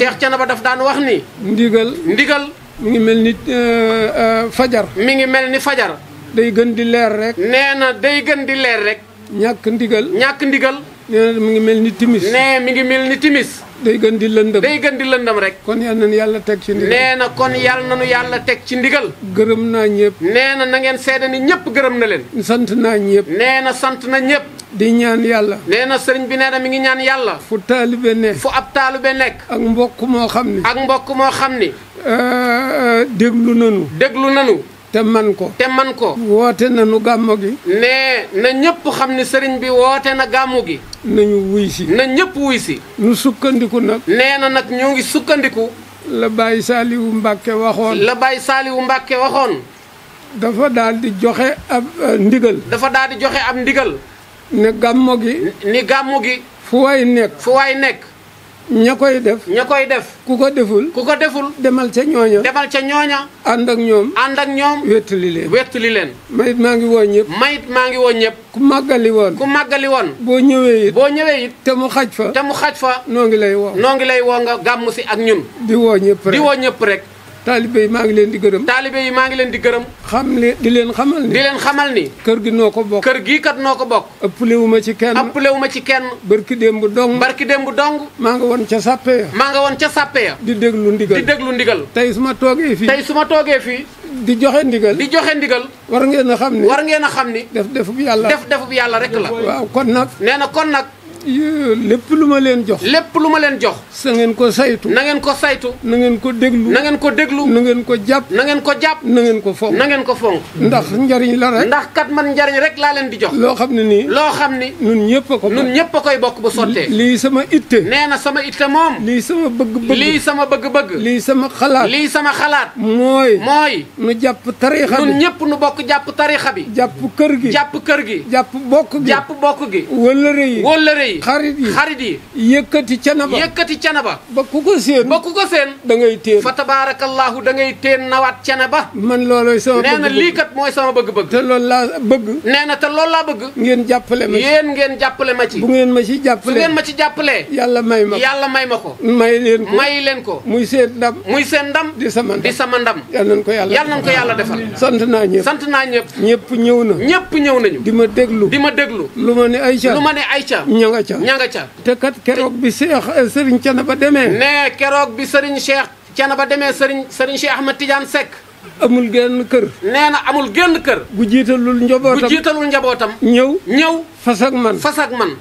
ca na Thiénaba daf daan wax ni. ndigal ndigal. mi ngi mel ni euh, euh, fajar. mi ngi mel ni fajar. day gën di leer rek. nee na day gën di leer rek. ñàkk ndigal. ñàkk ndigal. nee na mi ngi mel ni timis. nee mi ngi mel ni timis. day gën di lëndëm day gën di lëndëm rek. kon yal nañu yàlla teg ci ndigal nee na kon yàlla na nu yàlla teg ci ndigal. gërëm naa ñëpp. nee na na ngeen seede ni ñëpp gërëm na leen. sant naa ñëpp. nee na sant na ñëpp. di ñaan yàlla nee na sëriñ bi nee na mi ngi ñaan yàlla fu taalibe ne fu ab taalibe nekk ak mbokk moo xam ni ak mbokk moo xam ni déglu nanu déglu nanu te man ko te man ko woote na nu gàmmu gi ne na ñëpp xam ni sëriñ bi woote na gàmmu gi nañu wuy si na ñëpp wuy si nu sukkandiku nag nee na nag ñoo ngi sukkandiku la Baye Saliou Mbacke waxoon la Baye Saliou Mbacke waxoon dafa daal joxe ab eh, ndigal dafa daal di joxe ab ndigal ne gàmmo gi. ni gàmmo gi. fu waay nekk. fu waay nekk. ña koy def. ña koy def. ku ko deful. ku ko deful. demal ca ñooña. demal ca ñooña. ànd ak ñoom. ànd ak ñoom. wettali leen. wettali leen. mayit maa ngi woo ñëpp. mayit maa ngi woo ñëpp. ku màggali woon. ku màggali woon. boo ñëwee boo ñëwee it. te mu xaj fa. te mu xaj fa. noo ngi lay woo. noo ngi lay woo nga gàmm si ak ñun. di woo ñëpp ñëpp rek. taalibe yi maa ngi leen di gërëm taalibe yi maa ngi leen di gërëm xam le di leen xamal ni di leen xamal ni kër gi noo ko bokk kër gii kat noo ko bokk ëppale wu ci kenn ëppale wu ma ci kenn barki démb dong barki démb dong maa nga woon ca sàppe ya maa nga woon ca sàppe ya di déglu ndigal di déglu ndigal tey su ma toogee fii tey su ma toogee fii di joxe ndigal di joxe ndigal war ngeen a xam ni war ngeen a xam ni def defub yàlla def defub yàlla rek la waaw kon nag lépp lu ma leen jox. lépp lu ma leen jox. sa ngeen ko saytu. nangeen ko saytu. na ngeen ko déglu. na ngeen ko déglu. na ngeen ko jàpp. nangeen ko jàpp. na ko fonk. na ko fonk. ndax njariñ la rek. ndax kat man njariñ rek laa leen di jox. loo xam ne nii. loo xam ni. ñun ñëpp ko ñun ñëpp a koy bokk bu sottee. lii sama itte. nee na sama itte moom. lii sama bëgg-bëgg. lii sama bëgg-bëgg. lii sama xalaat. lii sama xalaat. mooy. mooy. nu jàpp tariixa bi ñun ñëpp nu bokk jàpp tariixa bi. jàpp kër gi. jàpp kër gi. jàpp bokk gi. jàpp bokk gi. wëllëre yi yi xarit yi xarit yi yëkkati canaba yëkkati canaba ba ku ko seen ba ku ko seen da ngay téen fa tabaarakallaahu da ngay téen nawaat canaba man loolooy sama bëgg nee na lii kat mooy sama bëgg-bëgg te loolu laa bëgg nee na te loolu laa bëgg ngeen jàppale ma ci yéen ngeen jàppale ma ci bu ngeen ma ci jàppale su ngeen ma ci jàppalee yàlla may ma yàlla may ma ko may leen ko leen ko muy seen ndam muy seen ndam di sama ndam di sama ndam yàlla nañ ko yàlla yàlla nañ yàlla defal sant naa ñëpp sant naa ñëpp ñëpp ñëw na ñëpp ñëw nañu di ma déglu di ma déglu lu ma ne ay ca lu ma nga nga ca te kat keroog bi Cheikh eh, Serigne Thiénaba demee ne keroog bi Serigne Cheikh Thiénaba demee Serigne Serigne Cheikh Ahmed Tidiane Seck amul genn kër nee na amul genn kër gu jiitalul njabootam gu jiitalul njabootam ñëw ñëw fas ak man man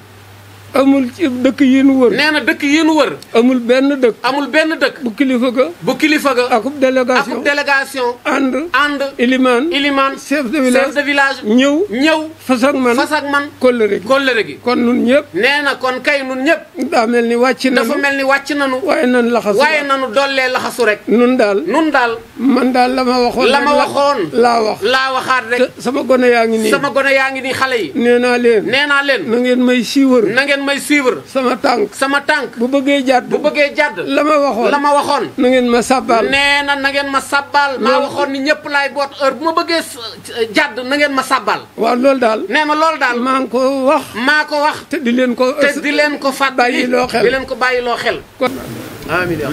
amul dëkk yi wër. nee na dëkk yi nu amul benn dëkk. amul benn dëkk. bu kilifa ga. bu kilifa ga. akub délégation akub délégation. ànd ànd. ilimaan ilimaan. chef de village chef ñëw ñëw. fas ak man fas man. kóllëre gi kóllëre kon nun ñëpp. nee na kon kay nun ñëpp. daa mel ni wàcc nanu dafa mel ni wàcc nanu. waaye nanu laxasu waaye nanu laxasu rek. nun daal nun daal. man daal la ma waxoon. la ma waxoon laa wax. laa waxaat rek. sama gone yaa ngi nii sama gone yaa ngi nii xale yi. nee naa leen nee may siiwër. na ngeen may suivre. sama tànk sama tànk. bu bëggee jàdd bu bëggee jàdd. la ma waxoon la ma waxoon. na ngeen ma sàbbaal nee na na ma sàbbaal. maa waxoon ni ñëpp laay boot heure bu ma bëggee jàdd na ngeen ma sàbbaal. waaw loolu daal. nee na loolu daal. maa ngi ko wax. maa ko wax. te di leen ko. te di leen ko fàttali bàyyi loo xel di leen ko bàyyi loo xel. kon. amiin.